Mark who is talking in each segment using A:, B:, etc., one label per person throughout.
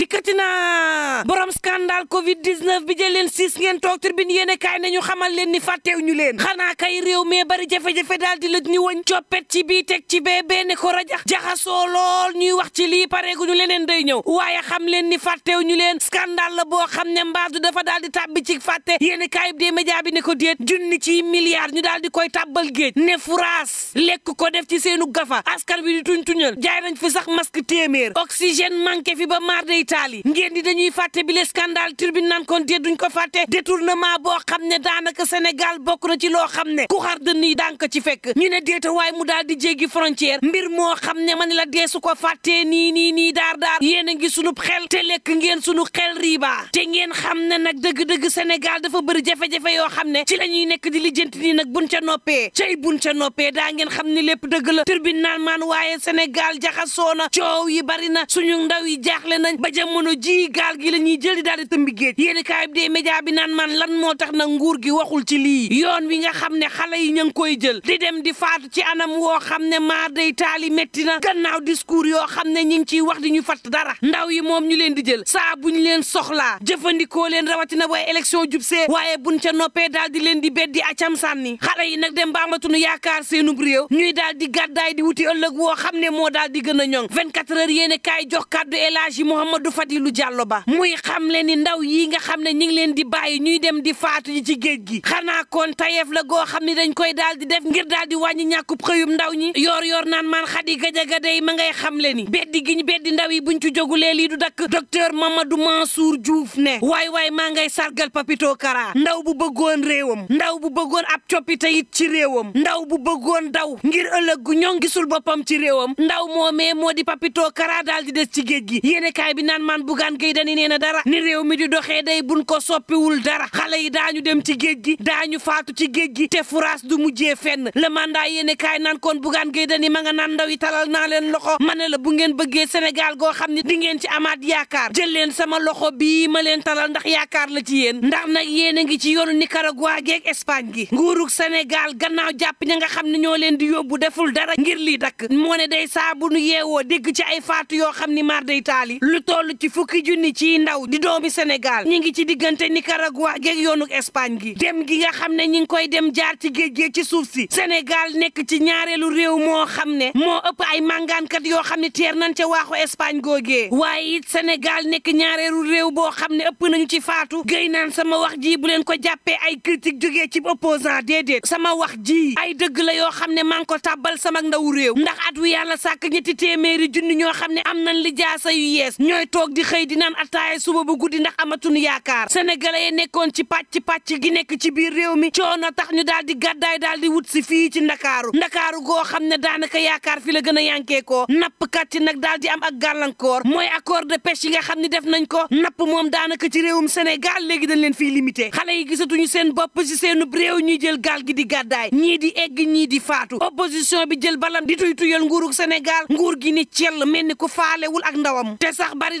A: dikkati naa borom scandale covid 19 bi jël leen siis ngeen toog tribune yéen kaay na ñu xamal leen ni fàtteew ñu leen xanaa kay réew mee bari jafe-jafe daal di la ñu wëñ coppet ci bii teg ci bee bee ne ko rajax jaxasoo lool ñuy wax ci lii pareegu ñu leneen day ñëw waaye xam leen ni fàtteew ñu leen scandale la boo xam ne mbaadu dafa daal di tàbbi ci fàtte yéen kaay bi média bi ne ko déet junni ci milliards ñu daal di koy tàbbal géej ne furaas lekk ko def ci seenu gafa askan bi di tuñ tuñal jaay nañ fi sax masque téeméer oxygène manqué fi ba maar day hôpital yi ngeen di dañuy fàtte bi le scandale turbine nan kon dee duñ ko fàtte détournement boo xam ne daanaka Sénégal bokk na ci loo xam ne ku xar dënn yi daan ko ci fekk ñu ne déeta waaye mu daal di jéggi frontière mbir moo xam ne man la dee su ko fàttee nii nii nii daar daar yéen a ngi sunub xel te lekk ngeen sunu xel riibaa te ngeen xam ne nag dëgg-dëgg Sénégal dafa bëri jafe-jafe yoo xam ne ci la ñuy nekk di lijjanti nii nag buñ ca noppee cay buñ ca noppee daa ngeen xam ne lépp dëgg la turbine naan maan waaye Sénégal jaxasoo na coow yi bari na suñu ndaw yi jaaxle nañ ba jamono ji gaal gi la ñuy jël di daal di tëmbi géej yéeni bi dee média bi naan man lan moo tax na nguur gi waxul ci lii yoon wi nga xam ne xale yi ña koy jël di dem di faatu ci anam woo xam ne maa day taali métti na gannaaw discours yoo xam ne ñi ngi ciy wax di ñu fatt dara ndaw yi moom ñu leen di jël saa bu ñu leen soxla jëfandikoo leen rawatina waaye élection jub see waaye buñ ca noppee daal di leen di beddi acam sànni xale yi nag dem ba amatunu yaakaar seenub réew ñuy daal di gàddaay di wuti ëllëg woo xam ne moo daal di gën a ñoŋ 24 heures yéene kaay jox kàddu Amadou Fadilou Diallo ba muy xam le ni ndaw yi nga xam ne ñi ngi leen di bàyyi ñuy dem di faatu ci géej gi xanaa kon tayeef la goo xam ne dañ koy daal di def ngir daal di wàññi ñàkkub xëyum ndaw ñi yoor yoor naan maan Khady Gadiaga day ma ngay xam le ni beddi gi ñu beddi ndaw yi buñ ci jógulee lii du dakk docteur Mamadou Mansour juuf ne waay waay maa ngay sargal Papito Kara ndaw bu bëggoon réewam ndaw bu bëggoon ab coppite it ci réewam ndaw bu bëggoon daw ngir ëllëg gu ñoo gisul boppam ci réewam ndaw moomee moo di Papito Kara daal di ci géej gi naan man bugaan gay dani nee na dara ni réew mi di doxee day buñ ko soppiwul dara xale yi daañu dem ci géej gi daañu faatu ci géej gi te furaas du mujjee fenn le mandat yéene kaay naan koon bugaan gay ma nga naan ndaw talal naa leen loxo ma ne la bu ngeen bëggee Sénégal goo xam ne di ngeen ci amaat yaakaar jël leen sama loxo bii ma leen talal ndax yaakaar la ci yéen ndax nag yéen a ngi ci yoonu Nicaragua geeg Espagne gi nguurug senegal gannaaw jàpp ña nga xam ne ñoo leen di yóbbu deful dara ngir lii dakk moo ne day saa bu nu yeewoo dégg ci ay faatu yoo xam ni mar toll ci fukki junni ci ndaw di doomi Sénégal ñi ngi ci diggante Nicaragua geeg yoonu Espagne gi dem gi nga xam ne ñi ngi koy dem jaar ci géej gi ci suuf si senegal nekk ci ñaareelu réew moo xam ne moo ëpp ay màngaankat yoo xam ne teer nañ ca waaxu Espagne googee waaye it Sénégal nekk ñaareelu réew boo xam ne ëpp nañu ci faatu géy naan sama wax ji bu leen ko jàppee ay critique jógee ci opposant déedéet sama wax ji ay dëgg la yoo xam ne maa ngi ko tàbbal sama ndaw réew ndax at wu yàlla sàkk ñetti ñoo xam ne am nañ li toog di xëy di naan ataaya suba bu guddi ndax amatuñu yaakaar senegal yi nekkoon ci pàcc pàcc gi nekk ci biir réew mi coono tax ñu daal di gàddaay daal di wut si fii ci ndakaaru ndakaaru goo xam ne daanaka yaakaar fi la gën a napp kat yi nag daal di am ak gàllankoor mooy accord de pêche yi nga xam ne def nañ ko napp moom daanaka ci réewum sénégal léegi dañ leen fiy limité xale yi gisatuñu seen bopp si seenub réew ñuy jël gaal gi di gàddaay ñii di egg ñii di faatu opposition bi jël balam di tuy tuyal nguurug sénégal nguur gi ni cell mel ni ku faalewul ak ndawam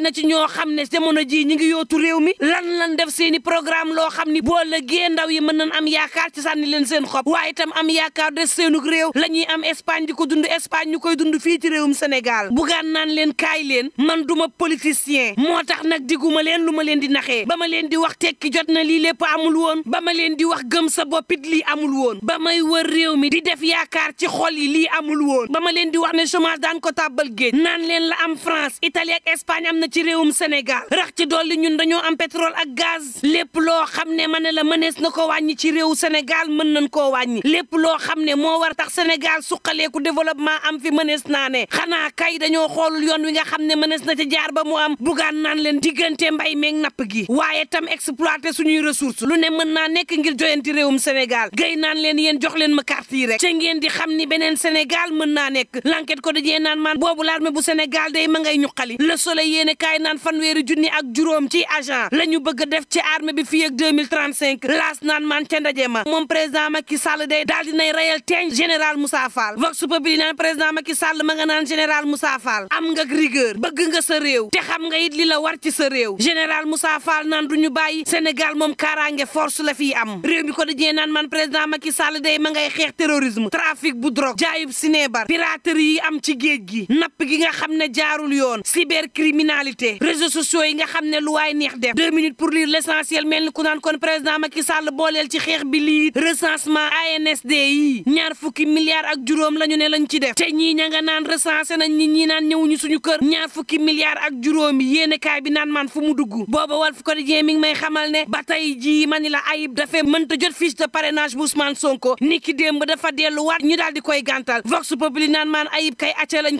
A: bari na ci ñoo xam ne jamono jii ñu ngi yootu réew mi lan lan def seeni i programme loo xam ni boo la lëggee ndaw yi mën nañ am yaakaar ci sànni leen seen xob waaye itam am yaakaar des seenug réew la ñuy am Espagne di ko dund Espagne ñu koy dund fii ci réewum Sénégal bugaan naan leen kaay leen man duma politicien moo tax nag diguma leen lu ma leen di naxee ba ma leen di wax tekki jot na lii lépp amul woon ba ma leen di wax gëm sa boppit lii amul woon ba may wër réew mi di def yaakaar ci xol yi lii amul woon ba ma leen di wax ne chômage daan ko tàbbal leen la am France Italie ci réewum Sénégal rax ci dolli ñun dañoo am pétrole ak gaz lépp loo xam ne ma ne la mënees na ko wàññi ci réew Sénégal mën nañ koo wàññi lépp loo xam ne moo war tax Sénégal suqaleeku développement am fi mënees naa ne xanaa kay dañoo xoolul yoon wi xam ne mënees na ci jaar ba mu am bugaan naan leen diggante mbay meeg napp gi waaye tam exploité suñuy ressources lu ne mën naa nekk ngir joyanti réewum Sénégal gay naan leen yéen jox leen ma carte yi rek te ngeen di xam ni beneen Sénégal mën naa nekk l'enquête ko dajee naan maan boobu l'armée bu Sénégal day ma ngay ñuqali le soleil yéene kaay naan fanweeri junni ak juróom ci agent la ñu bëgg def ci arme bi fii ak 2035 laas naan man ca ndaje ma moom président Macky Sall day daal dinay reyal teeñ général Moussa Fall vox populi naan président Macky Sall ma nga naan général Moussa Fall am nga rigueur bëgg nga sa réew te xam nga it li la war ci sa réew général Moussa Fall naan du ñu bàyyi Sénégal moom kaaraange force la fi am réew bi ko dajee naan man président Macky sal day ma ngay xeex terrorisme trafic bu drogue jaayub sinébar piraterie yi am ci géej gi napp gi nga xam ne jaarul yoon cybercriminalité réalité réseaux sociaux yi nga xam ne lu waay neex def deux minutes pour lire l'essentiel mel ni ku naan kon président Macky Sall booleel ci xeex bi lii recensement ANSD yi ñaar fukki milliards ak juróom la ñu ne lañ ci def te ñii ña nga naan recensé nañ ñi ñii naan ñëwuñu suñu kër ñaar fukki milliards ak juróom yi yéene kaay bi naan man fu mu dugg booba Walf Quotidien mi ngi may xamal ne ba tey jii ma ni la ayib dafee mënta jot fiche de parrainage bu Sonko ni ki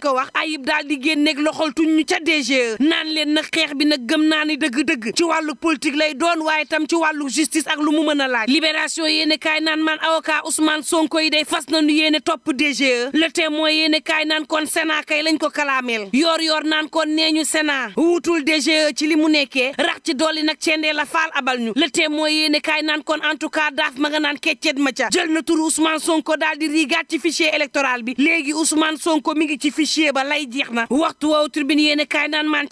A: ko wax ayib daal di génneeg loxol tuñ ñu ca DGE naan leen nag xeex bi nag gëm naa ni dëgg-dëgg ci wàllu politique lay doon waaye tam ci wàllu justice ak lu mu mën a laaj libération yéene kaay naan man avocat Ousmane Sonko yi day fas nañu yéene topp DGE le témoin yéene kaay naan kon Sénat kay lañ ko kalaameel yoor yoor naan kon nee ñu Sénat wuutul DGE ci li mu nekkee rax ci dolli nag cendee la faal abal ñu le témoin yéene kaay naan kon en tout cas daaf ma nga naan keccet ma ca jël na tur Ousmane Sonko daal di riigaat ci fichier bi léegi Ousmane Sonko mi ngi ci fichier ba lay jeex na waxtu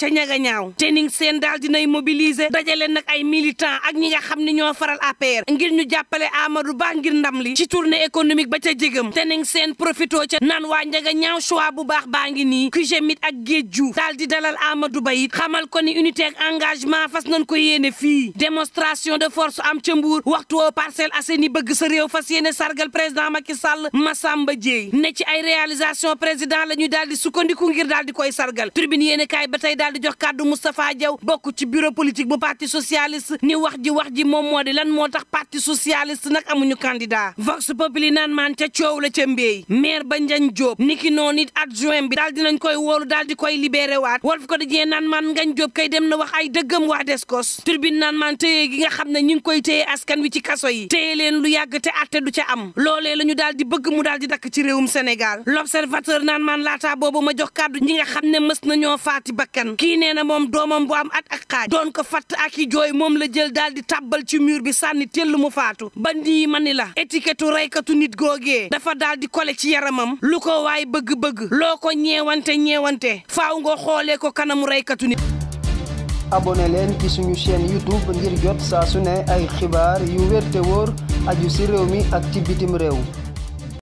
A: te ñaga ñaaw Tening Sène daal dinay mobiliser dajale nag ay militants ak ñi nga xam ne ñoo faral APR ngir ñu jàppale Amadou Ba ngir ndam li ci tournée économique ba ca jégam Tening Sène profito ca naan waa ñaga ñaaw choix bu baax baa ngi nii kujemit ak géej ju daal di dalal Amadou Ba it xamal ko ni unité ak engagement fas nañ ko yéene fii démonstration de force am ca Mbour waxtu woo Parcelles Assainies bëgg sa réew fas yéene sargal président Macky Sall Massamba Dieye ne ci ay réalisation président la ñu daal di sukkandiku ngir daal di koy sargal tribune yéene kaay ba tey daal di jox kàddu Moustapha Diaw bokk ci bureau politique bu parti socialiste ni wax ji wax ji moom moo di lan moo tax parti socialiste nag amuñu candidat Vox Populi naan maan ca coow la ca mbéy maire ba Ndiagne Diop niki noonu it adjoint bi daal dinañ koy woolu daal di koy libéré waat Walf Quotidien naan maan Ngagne Diop kay dem na wax ay dëggam wax Descos Tribune naan maan téye gi nga xam ne ñu ngi koy téye askan wi ci kaso yi téye leen lu yàgg te atte du ca am loolee la ñu daal di bëgg mu daal di dakk ci réewum Sénégal l'observateur naan maan laataa boobu ma jox kàddu ñi nga xam ne mës nañoo faati bakkan kii nee na moom doomam bu am at ak xaaj doon ko fatt ak i jooy moom la jël daal di tàbbal ci mur bi sànni tell mu faatu ba nii ma ni la étiquette reykatu nit googee dafa daal di kole ci yaramam lu ko waay bëgg-bëgg loo ko ñeewante ñeewante faaw nga xoolee ko kanamu reykatu nit abonné leen ci suñu chaîne youtube ngir jot saa su ne ay xibaar yu wér te wóor aju ci réew mi ak ci bitim réew